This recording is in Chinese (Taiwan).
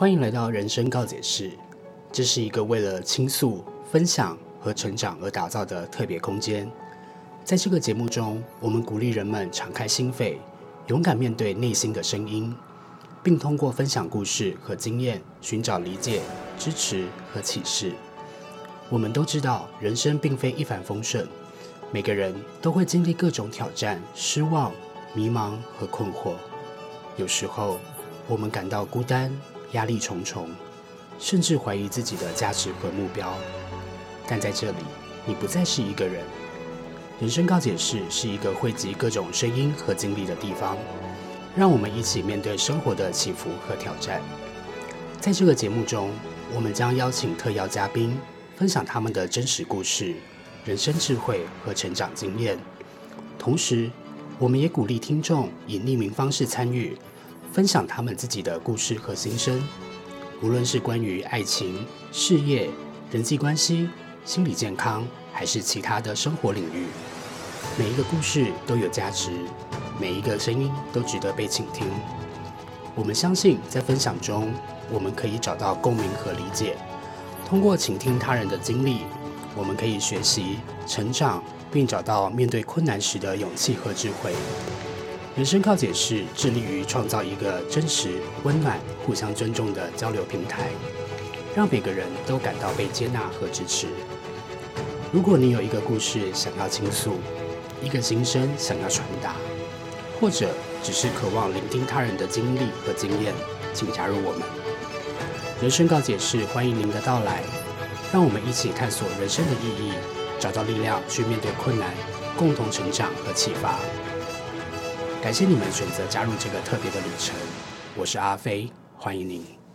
歡迎來到人生告解室，這是一個為了傾訴、分享和成長而打造的特別空間。在這個節目中，我們鼓勵人們敞開心扉，勇敢面對內心的聲音，並通過分享故事和經驗，尋找理解、支持和啟示。我們都知道，人生並非一帆風順，每個人都會經歷各種挑戰、失望、迷茫和困惑。有時候，我們感到孤單。壓力重重，甚至懷疑自己的價值和目標。但在這裡，你不再是一個人。人生告解室是一個匯集各種聲音和經歷的地方，讓我們一起面對生活的起伏和挑戰。在這個節目中，我們將邀請特邀嘉賓分享他們的真實故事、人生智慧和成長經驗。同時，我們也鼓勵聽眾以匿名方式參與。分享他們自己的故事和心聲，無論是關於愛情、事業、人際關係、心理健康，還是其他的生活領域，每一個故事都有價值，每一個聲音都值得被傾聽。我們相信，在分享中，我們可以找到共鳴和理解；通過傾聽他人的經歷，我們可以學習、成長，並找到面對困難時的勇氣和智慧。人生告解室致力於創造一個真實、溫暖、互相尊重的交流平台，讓每個人都感到被接納和支持。如果你有一個故事想要傾訴，一個心聲想要傳達，或者只是渴望聆聽他人的經歷和經驗，請加入我們。人生告解室歡迎您的到來，讓我們一起探索人生的意義，找到力量去面對困難，共同成長和啟發。感謝你們選擇加入這個特別的旅程，我是阿飛，歡迎您。